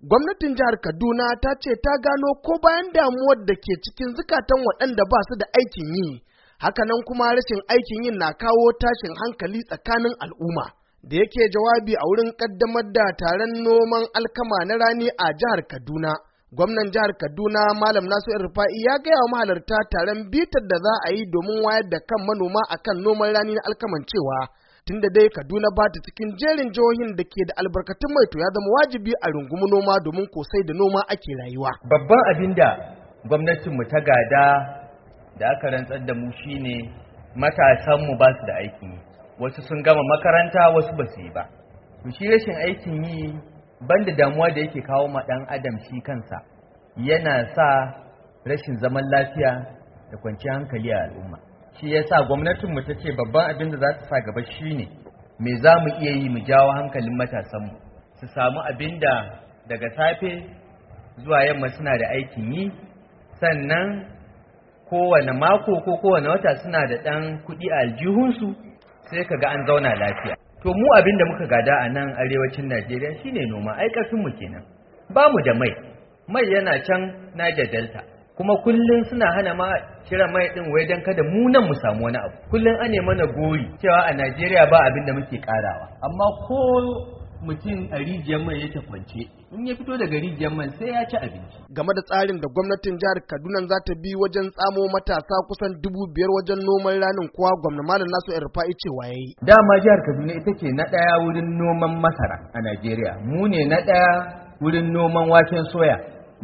Gwamnatin jihar Kaduna ta ce ta gano ko bayan damuwar da ke cikin zukatan waɗanda ba su da aikin yi, hakanan kuma rashin aikin yin na kawo tashin hankali tsakanin al'umma. Da yake jawabi a wurin ƙaddamar da taron noman alkama na rani a jihar Kaduna. gwamnan jihar kaduna malam nasu rufa'i ya gaya wa mahalarta taron bitar da za a yi domin wayar da kan manoma akan noman rani na alkaman cewa tunda dai Kaduna ba ta cikin jerin jihohin da ke da albarkatun mai to ya zama wajibi a rungumi noma domin kosai da noma ake rayuwa. Babban abin da gwamnatinmu ta gada da aka rantsar da mu shine matasanmu ba su da aiki yi. Wasu sun gama makaranta wasu ba su yi ba. To shi rashin aikin yi banda damuwa da yake kawo ma ɗan adam shi kansa yana sa rashin zaman lafiya da kwanciyar hankali a al'umma. shi ya sa gwamnatinmu ta ce babban abin da za ta sa gaba shi ne, me za mu iya yi mu jawo hankalin matasanmu? su samu abin da daga safe zuwa yamma suna da aikin yi sannan kowane mako ko kowane wata suna da ɗan kuɗi a aljihunsu sai ka ga an zauna lafiya to mu abin da muka gada a nan arewacin najeriya shine noma ai ƙarfinmu kenan ba mu da mai mai yana can niger delta kuma kullum suna hana ma kira mai din wai dan kada mu nan mu samu wani abu kullun ane mana gori cewa a Najeriya ba abin da muke karawa amma ko mutum a rijiyar mai yake kwance in ya fito daga rijiyar mai sai ya ci abinci. Game da tsarin da gwamnatin jihar Kaduna za ta bi wajen tsamo matasa kusan dubu biyar wajen noman ranin kuwa gwamna Malam Nasu Rufa'i cewa ya yi. Dama jihar Kaduna ita ce na ɗaya wurin noman masara a Najeriya. Mu ne na ɗaya wurin noman waken soya.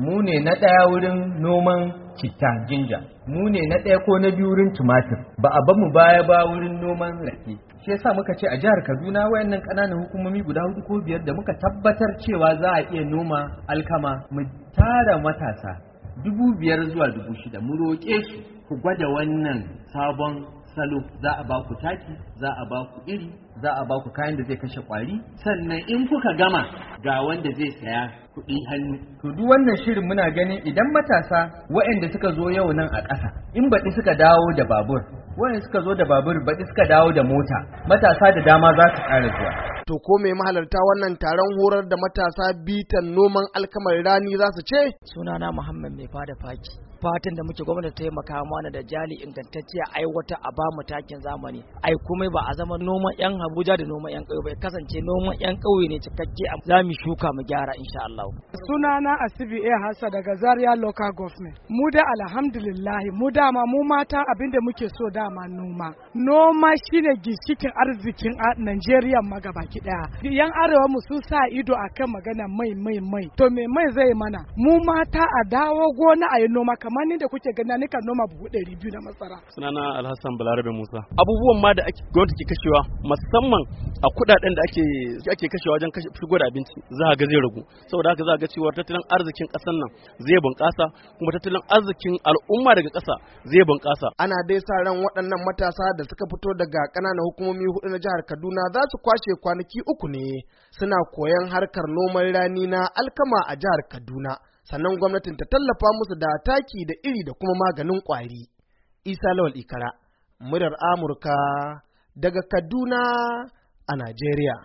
mu ne na ɗaya wurin noman citta jinja mu ne na ɗaya ko na biyu wurin tumatir ba a bamu baya ba wurin noman rake shi yasa muka ce a jihar Kaduna wayannan ƙananan hukumomi guda hudu ko biyar da muka tabbatar cewa za a iya noma alkama mu tara matasa dubu biyar zuwa dubu shida mu roƙe su ku gwada wannan sabon salo za a ba taki za a ba iri za a ba kayan da zai kashe kwari sannan in kuka gama ga wanda zai saya kuɗin hannu to duk wannan shirin muna ganin idan matasa waɗanda suka zo yau nan a ƙasa in baɗi suka dawo da babur waɗanda suka zo da babur baɗi suka dawo da mota matasa da dama za su ƙara zuwa to ko mai mahalarta wannan taron horar da matasa bitan noman alkamar rani za su ce sunana muhammad mai fada faki fatan da muke gwamnati ta taimaka mana da jali ingantacciya ai wata a bamu takin zamani ai kuma ba a zama noman yan Abuja da noman yan ƙauye ba kasance noman yan ƙauye ne cikakke za mu shuka mu gyara insha Allah sunana Asibi A Hassa daga Zaria Local Government mu da alhamdulillah mu da ma mu mata abinda muke so dama noma noma shine gishikin arzikin Najeriya ma gabaki daya yan arewa mu sun sa ido akan magana mai mai mai to me mai zai mana mu mata a dawo gona a yi noma kamar ni da kuke gani ni kan noma buhu ɗari biyu na masara. sunana alhassan balarabe musa abubuwan ma da ake gwamnati ke kashewa musamman a kuɗaɗen da ake ake kashewa wajen shigo da abinci za ga zai ragu saboda haka za ga cewa tattalin arzikin ƙasar nan zai bunƙasa kuma tattalin arzikin al'umma daga ƙasa zai bunƙasa. ana dai sa ran waɗannan matasa da suka fito daga ƙananan hukumomi hudu na jihar kaduna za su kwashe kwanaki uku ne suna koyon harkar noman rani na alkama a jihar kaduna. sannan gwamnatin ta tallafa musu da taki da iri da kuma maganin ƙwari. Isa Lawal Ikara, murar Amurka daga Kaduna a Najeriya.